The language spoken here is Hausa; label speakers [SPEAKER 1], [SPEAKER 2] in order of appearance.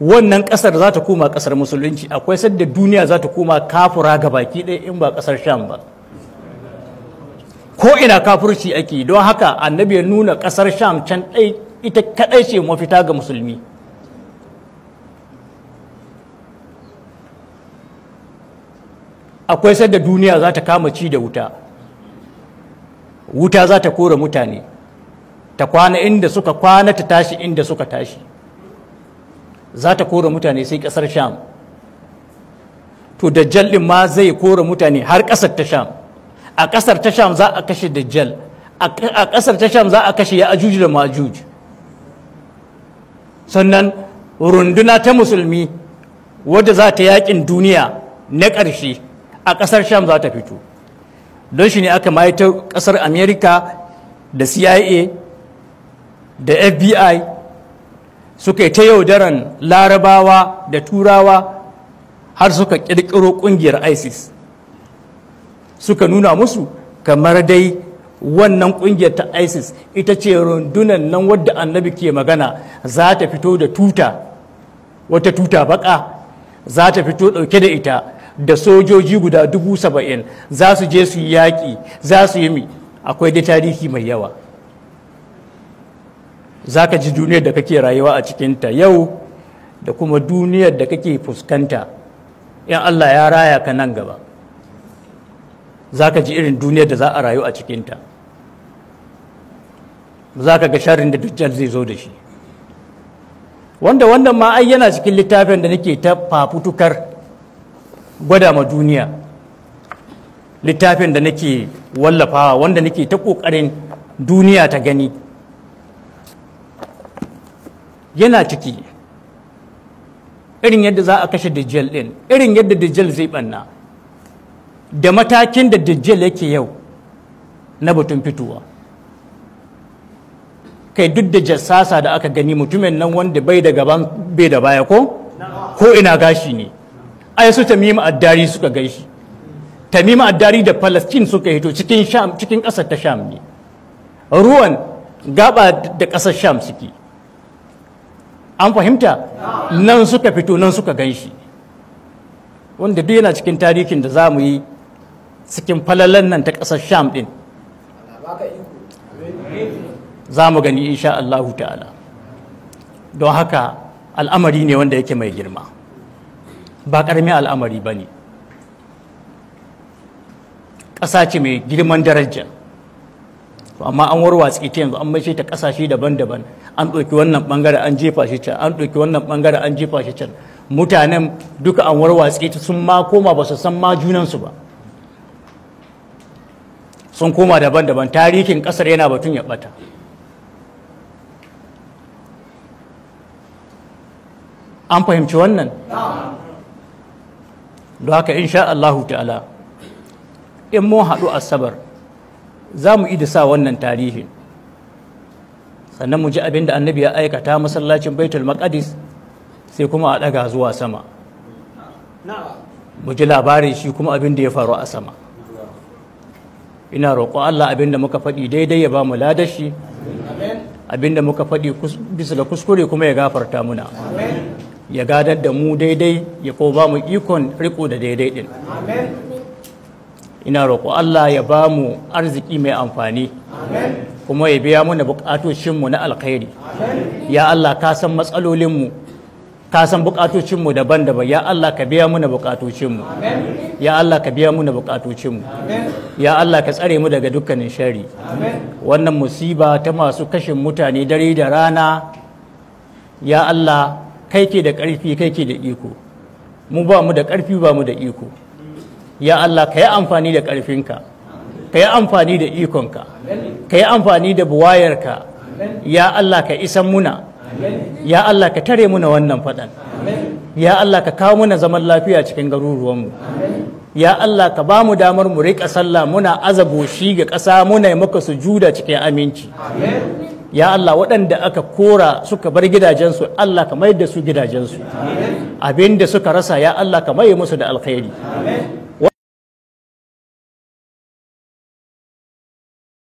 [SPEAKER 1] wannan kasar za ta koma kasar musulunci akwai sadda duniya za ta koma kafura ga baki ɗaya in ba kasar sham ba ko ina kafurci ake don haka annabi ya nuna kasar sham can ɗai ita kaɗai ce mafita ga musulmi akwai sadda duniya za ta kama ci da wuta wuta za ta kora mutane ta kwana inda suka kwana ta tashi inda suka tashi za ta kora mutane sai ƙasar sham to dajjal ɗin ma zai kora mutane har ƙasar ta sham a ƙasar ta sham za a kashe dajjal a ƙasar ta sham za a kashe ya ajuji da majuj sannan runduna ta musulmi wadda za ta yakin duniya na ƙarshe a ƙasar sham za ta fito don shi ne aka ta ƙasar amerika da cia da fbi suka ta yaudaran larabawa da turawa har suka ƙirƙiro kungiyar isis suka nuna musu kamar dai wannan kungiyar ta isis ita ce rundunan nan wadda annabi ke magana za ta fito da tuta wata tuta baka za ta fito dauke da ita da sojoji guda dubu saba'in za su je su yi yaƙi za su yi mi akwai da tarihi mai yawa za ka ji duniyar da kake rayuwa a cikinta yau da kuma duniyar da kake fuskanta in Allah ya raya ka nan gaba za ka ji irin duniyar da za a rayu a cikinta za ka ga sharin da dujjal zai zo da shi wanda wannan ma ai yana cikin littafin da nake ta fafutukar gwada ma duniya littafin da nake wallafawa wanda nake ta ƙoƙarin duniya ta gani yana ciki irin yadda za a kashe dajjal ɗin irin yadda dajjal zai banna da matakin da dajjal yake yau na batun fitowa kai duk da jassasa da aka gani mutumin nan wanda bai da gaban bai da baya ko ko ina gashi ne ai su tamima addari suka gaishi tamima addari da palestine suka hito cikin sham cikin ta sham ne ruwan gaba da ƙasar sham suke an fahimta nan suka fito nan suka gan shi wanda duk yana cikin tarihin da za mu yi cikin falalan nan ta ƙasar sham ɗin za mu gani insha Allahu ta'ala don haka al'amari ne wanda yake mai girma ba ƙaramin al'amari ba ne ƙasa ce mai girman daraja amma an warwatsi ta yanzu an mace ta ƙasashe daban-daban an ɗauki wannan ɓangare an jefa shi can an ɗauki wannan ɓangare an jefa shi can mutanen duka an warwatse sun ma koma ba su san ma junansu ba sun koma daban-daban tarihin ƙasar yana batun ya ɓata an fahimci wannan da haka insha Allahu ta'ala in mun haɗu asabar za mu sa wannan tarihin sannan mu ji abin da annabi ya aikata masallacin baitul maqdis sai kuma a daga zuwa sama mu ji labarin shi kuma abin da ya faru a sama ina roƙo Allah abin da muka faɗi daidai ya ba mu ladashi abin da muka faɗi bisa da kuskure kuma ya gafarta muna ya gadar da mu daidai ya ko ba mu ikon riko da daidai din ina roƙo Allah ya ba mu arziki mai amfani kuma ya biya mana buƙatocinmu na alkhairi ya Allah ka san matsalolinmu ka san buƙatocinmu daban-daban ya Allah ka biya mana buƙatocinmu ya Allah ka biya mana buƙatocinmu ya Allah ka tsare mu daga dukkanin shari wannan musiba ta masu kashin mutane dare da rana ya Allah kai ke da ƙarfi kai ke da iko mu ba mu da ƙarfi ba mu da iko ya Allah ka yi amfani da ƙarfinka ka yi amfani da ikonka ka yi amfani da buwayarka ya Allah ka isan muna ya Allah ka tare muna wannan faɗan ya Allah ka kawo muna zaman lafiya cikin garuruwanmu ya Allah ka ba mu damar mu rika sallah muna azabo shi ga ƙasa muna yi maka sujuda cikin aminci ya Allah waɗanda aka kora suka bar gidajensu Allah ka mayar da su gidajensu Abinda suka rasa ya Allah ka maye musu da alkhairi